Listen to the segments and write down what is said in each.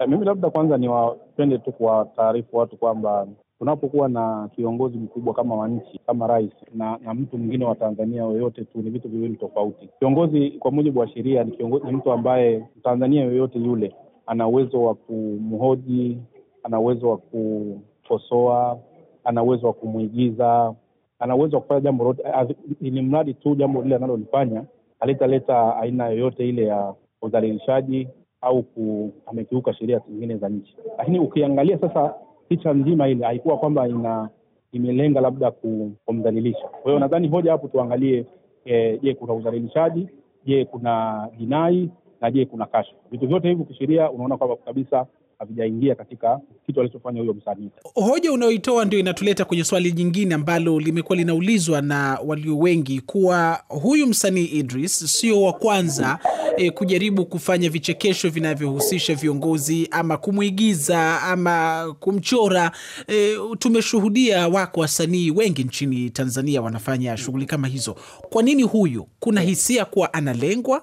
Eh, mimi labda kwanza niwapende tu kuwataarifu watu kwamba unapokuwa na kiongozi mkubwa kama wa nchi kama rais na, na mtu mwingine wa Tanzania yoyote tu ni vitu viwili tofauti. Kiongozi kwa mujibu wa sheria ni, ni mtu ambaye Tanzania yoyote yule ana uwezo wa kumhoji, ana uwezo wa kukosoa, ana uwezo wa kumwigiza, ana uwezo wa kufanya jambo lote, ni mradi tu jambo lile analolifanya halitaleta aina yoyote ile ya udhalilishaji au ku, amekiuka sheria zingine za nchi. Lakini ukiangalia sasa picha nzima ile haikuwa kwamba ina imelenga labda kumdhalilisha. Kwa hiyo nadhani hoja hapo tuangalie, eh, je, kuna udhalilishaji? Je, kuna jinai? na je, kuna kashfa? Vitu vyote hivi kisheria unaona kwamba kabisa havijaingia katika kitu alichofanya huyo msanii. Hoja unayoitoa ndio inatuleta kwenye swali jingine ambalo limekuwa linaulizwa na walio wengi kuwa huyu msanii Idris sio wa kwanza e, kujaribu kufanya vichekesho vinavyohusisha viongozi ama kumwigiza ama kumchora. E, tumeshuhudia wako wasanii wengi nchini Tanzania wanafanya shughuli kama hizo. Kwa nini huyu? Kuna hisia kuwa analengwa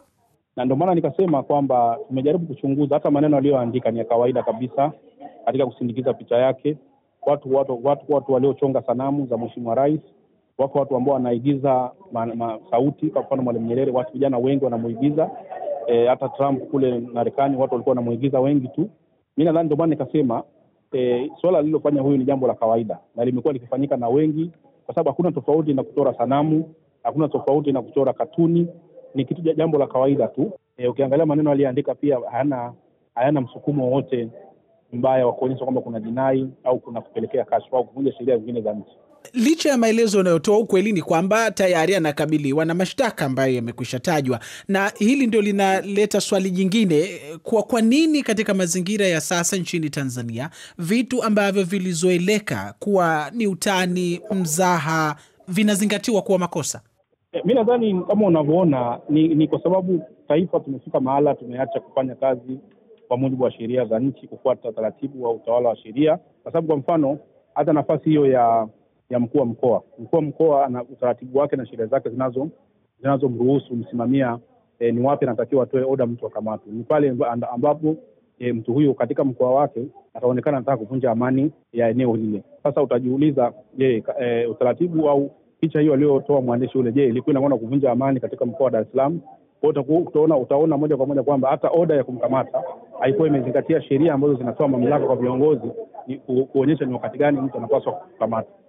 na ndio maana nikasema kwamba tumejaribu kuchunguza, hata maneno aliyoandika ni ya kawaida kabisa katika kusindikiza picha yake. Watu watu watu, watu waliochonga sanamu za mheshimiwa rais, wako watu ambao wanaigiza ma, ma, sauti. Kwa mfano Mwalimu Nyerere, watu vijana wengi wanamuigiza. E, hata Trump kule Marekani watu walikuwa wanamuigiza wengi tu. Mi nadhani ndio maana nikasema e, suala lililofanya huyu ni jambo la kawaida na limekuwa likifanyika na wengi, kwa sababu hakuna tofauti na kuchora sanamu, hakuna tofauti na kuchora katuni ni kitu jambo la kawaida tu. E, ukiangalia maneno aliyeandika pia hayana hayana msukumo wowote mbaya wa kuonyesha kwamba kuna jinai au kuna kupelekea kashfa au kuvunja sheria zingine za nchi. Licha ya maelezo yanayotoa ukweli ni kwamba tayari anakabiliwa na mashtaka ambayo yamekwisha tajwa, na hili ndio linaleta swali jingine kwa kwa nini katika mazingira ya sasa nchini Tanzania vitu ambavyo vilizoeleka kuwa ni utani, mzaha vinazingatiwa kuwa makosa? mi nadhani kama unavyoona ni, ni kwa sababu taifa tumefika mahala tumeacha kufanya kazi kwa mujibu wa sheria za nchi, kufuata taratibu wa utawala wa sheria, kwa sababu kwa mfano hata nafasi hiyo ya ya mkuu wa mkoa, mkuu wa mkoa ana utaratibu wake na sheria zake zinazo zinazomruhusu msimamia e, eh, ni wapi anatakiwa atoe oda mtu akamatwe. Ni pale ambapo e, mtu huyo katika mkoa wake ataonekana anataka kuvunja amani ya eneo lile. Sasa utajiuliza, je, e, utaratibu au picha hiyo aliyotoa mwandishi ule, je, ilikuwa ina kuvunja amani katika mkoa wa Dar es Salaam? Utaona, utaona moja kwa moja kwamba hata oda ya kumkamata haikuwa imezingatia sheria ambazo zinatoa mamlaka kwa viongozi ni kuonyesha ni wakati gani mtu anapaswa kukamata.